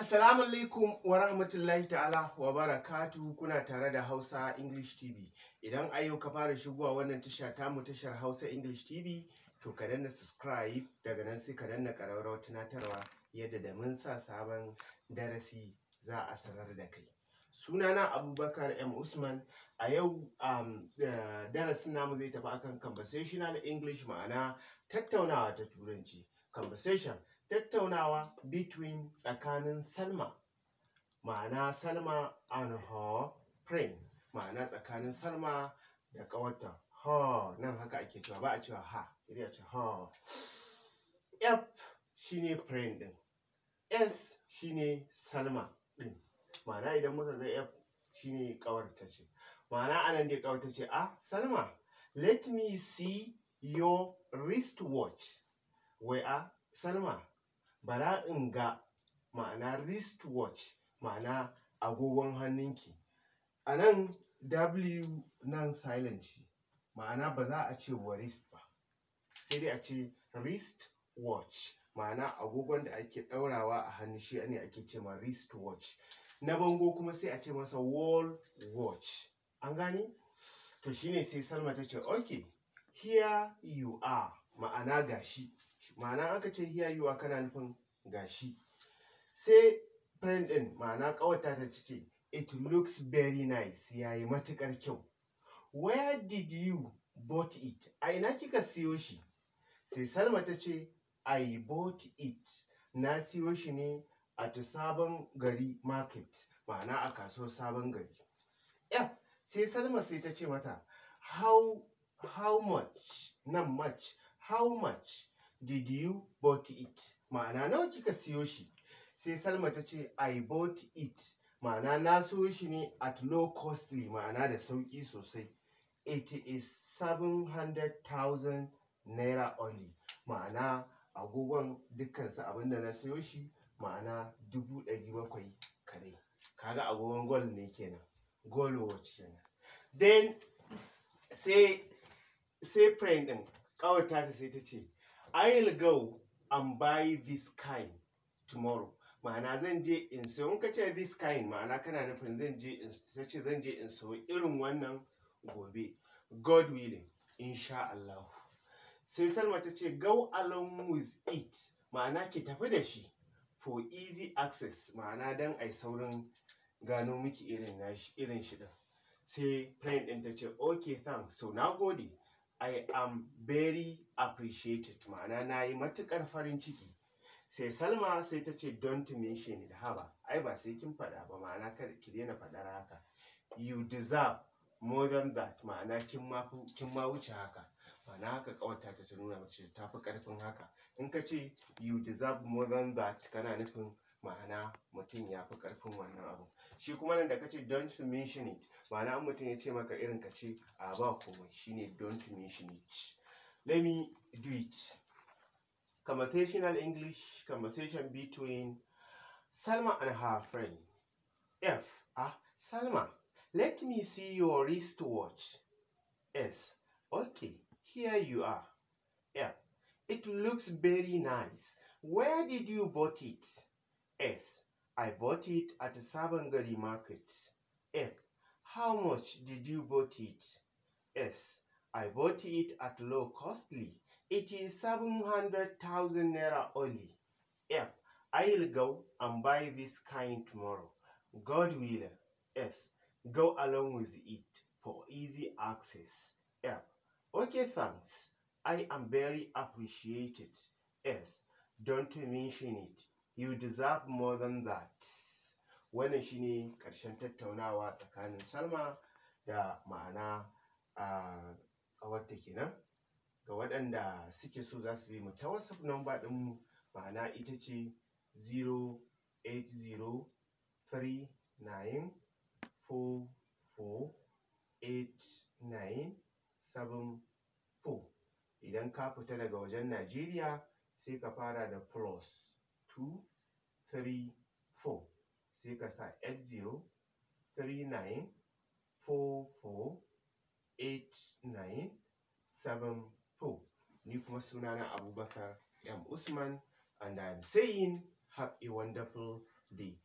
Assalamu alaikum wa rahmatullahi ta'ala wa barakatu kuna tare da Hausa English TV. Idan a yau ka fara shigowa wannan tasha mu tashar Hausa English TV, to ka danna subscribe daga nan sai ka danna ƙararrawar tunatarwa yadda da mun sa sabon darasi za a sanar da kai. Sunana Abubakar M. Usman, a yau um, darasin namu zai tafi akan conversational English ma'ana tattaunawa ta turanci. Conversation tattaunawa between tsakanin Salma ma'ana Salma and her friend ma'ana tsakanin Salma da ƙawarta ha nan haka ake cewa ba a cewa ha sai a ce ha F shine friend din S shine Salma din ma'ana idan muka ga F shine kawarta ce ma'ana anan dai kawarta ce a ah, Salma let me see your wristwatch wai a ah, Salma bara in ga ma'ana wristwatch ma'ana agogon hannunki a nan w nan silent ce ma'ana ba za a ce wrist ba sai dai a ce wrist ma'ana agogon da ake ɗaurawa a hannu shi ne ake ce ma wrist watch na bango kuma sai a ce masa wall watch an gane to shine sai salma ta ce okay here you are ma'ana gashi ma'ana aka ce hiya yiwa kana nufin gashi sai friend din ma'ana ƙawata ta ce it looks very nice Ya yi matukar kyau where did you bought it a ina kika siyo shi sai salma ta ce i bought it na siyo shi ne a ta sabon gari market ma'ana a kasuwar sabon gari f sai salma sai ta ce mata how how much nan much how much did you bought it ma'ana nawa kika siyo shi sai salma ta ce i bought it ma'ana na siyo shi ne at low costly ma'ana da sauƙi sosai it is 700,000 naira only ma'ana agogon dukkansa da na siyo shi ma'ana dubu ɗari bakwai kare kaga agogon gol ne kenan gol watch kenan then sai sai friend din ta sai ta ce I'll go and buy this kind tomorrow. Ma'ana zan je in sayo in ka ce this kind ma'ana kana nufin zan je in ce zan je in sayo irin wannan gobe. God willing, insha Allah. Sai Salma ta ce go along with it ma'ana ki tafi da shi for easy access ma'ana don ai saurin gano miki irin shi din. Sai friend ɗin ta ce okay thanks to na gode. I am very appreciated ma'ana na yi matuƙar farin ciki sai salma sai ta ce don't mention it haba ai ba sai kin faɗa ba ma'ana kada ki daina faɗar haka you deserve more than that ma'ana kin ma kin ma wuce haka ma'ana haka kawata ta nuna mace ta fi ƙarfin haka in ka ce you deserve more than that kana nufin ma'ana mutum ya fi ƙarfin wannan abu shi kuma nan da ka ce don mention it ma'ana an mutum ya ce maka irin ka ce a ba komai shine don to mention it let me do it conversational english conversation between salma and her friend f ah salma let me see your wristwatch s okay here you are f it looks very nice where did you bought it S. I bought it at the Sabangari market. F. How much did you bought it? S. I bought it at low costly. It is 700,000 naira only. F. I'll go and buy this kind tomorrow. God will. S. Go along with it for easy access. F. Okay, thanks. I am very appreciated. S. Don't mention it. you deserve more than that wannan shine karshen tattaunawa tsakanin salma da ma'ana a ƙawarta kenan ga waɗanda suke so za su bi mu ta wasu namba ɗin ma'ana ita ce 08039448974 idan ka fita daga wajen najeriya sai ka fara da plus 2, 3, 4. sai ka sa eight zero three nine four four ni kuma sunana Abubakar M Usman and I'm saying have a wonderful day.